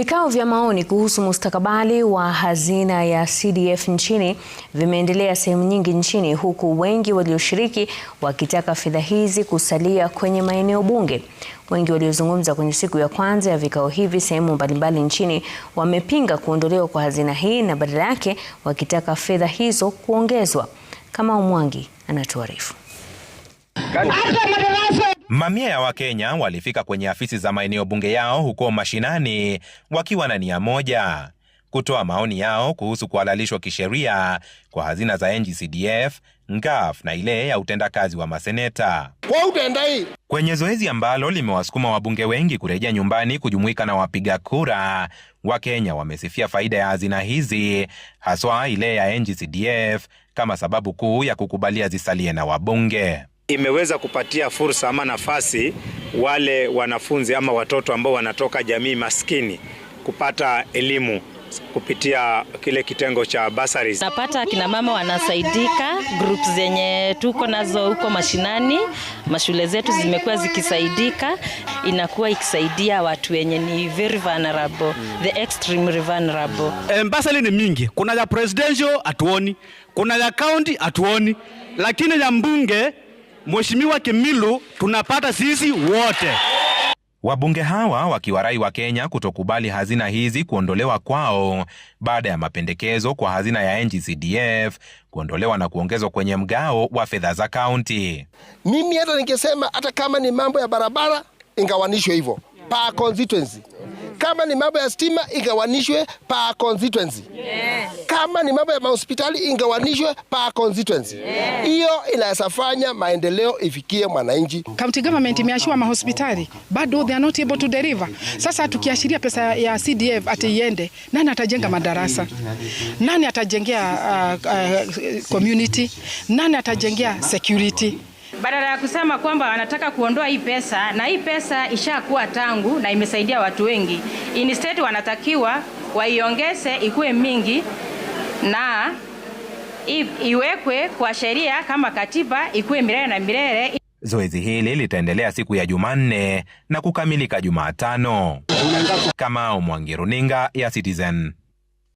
Vikao vya maoni kuhusu mustakabali wa hazina ya CDF nchini vimeendelea sehemu nyingi nchini huku wengi walioshiriki wakitaka fedha hizi kusalia kwenye maeneo bunge. Wengi waliozungumza kwenye siku ya kwanza ya vikao hivi sehemu mbalimbali nchini wamepinga kuondolewa kwa hazina hii na badala yake wakitaka fedha hizo kuongezwa. Kama Umwangi anatuarifu. Mamia ya Wakenya walifika kwenye afisi za maeneo bunge yao huko mashinani wakiwa na nia moja, kutoa maoni yao kuhusu kuhalalishwa kisheria kwa hazina za NGCDF, ngaf na ile ya utendakazi wa maseneta. Kwa Kwenye zoezi ambalo limewasukuma wabunge wengi kurejea nyumbani kujumuika na wapiga kura, Wakenya wamesifia faida ya hazina hizi, haswa ile ya NGCDF kama sababu kuu ya kukubalia zisalie na wabunge imeweza kupatia fursa ama nafasi wale wanafunzi ama watoto ambao wanatoka jamii maskini kupata elimu kupitia kile kitengo cha basaris. Napata kina mama wanasaidika, group zenye tuko nazo huko mashinani, mashule zetu zimekuwa zikisaidika, inakuwa ikisaidia watu wenye ni very vulnerable, the extremely vulnerable. Eh, Basari ni mingi, kuna ya presidential hatuoni, kuna ya county hatuoni, lakini ya mbunge Mheshimiwa Kimilu tunapata sisi wote. Wabunge hawa wakiwarai wa Kenya kutokubali hazina hizi kuondolewa kwao baada ya mapendekezo kwa hazina ya NGCDF kuondolewa na kuongezwa kwenye mgao wa fedha za kaunti. Mimi hata ningesema hata kama ni mambo ya barabara ingawanishwe hivyo pa constituency. Kama ni mambo ya stima igawanishwe pa constituency. Yes. Kama ni mambo ya mahospitali ingawanishwe pa constituency. Hiyo yes, inaweza fanya maendeleo ifikie mwananchi. County government imeashua mahospitali bado they are not able to deliver. Sasa tukiashiria pesa ya CDF atiende, nani atajenga madarasa? Nani atajengea uh, uh, community? Nani atajengea security? badala ya kusema kwamba wanataka kuondoa hii pesa, na hii pesa ishakuwa tangu na imesaidia watu wengi. Instead wanatakiwa waiongeze ikuwe mingi na iwekwe kwa sheria kama katiba ikuwe milele na milele. Zoezi hili litaendelea siku ya Jumanne na kukamilika Jumatano. Kamau Mwangi, runinga ya Citizen.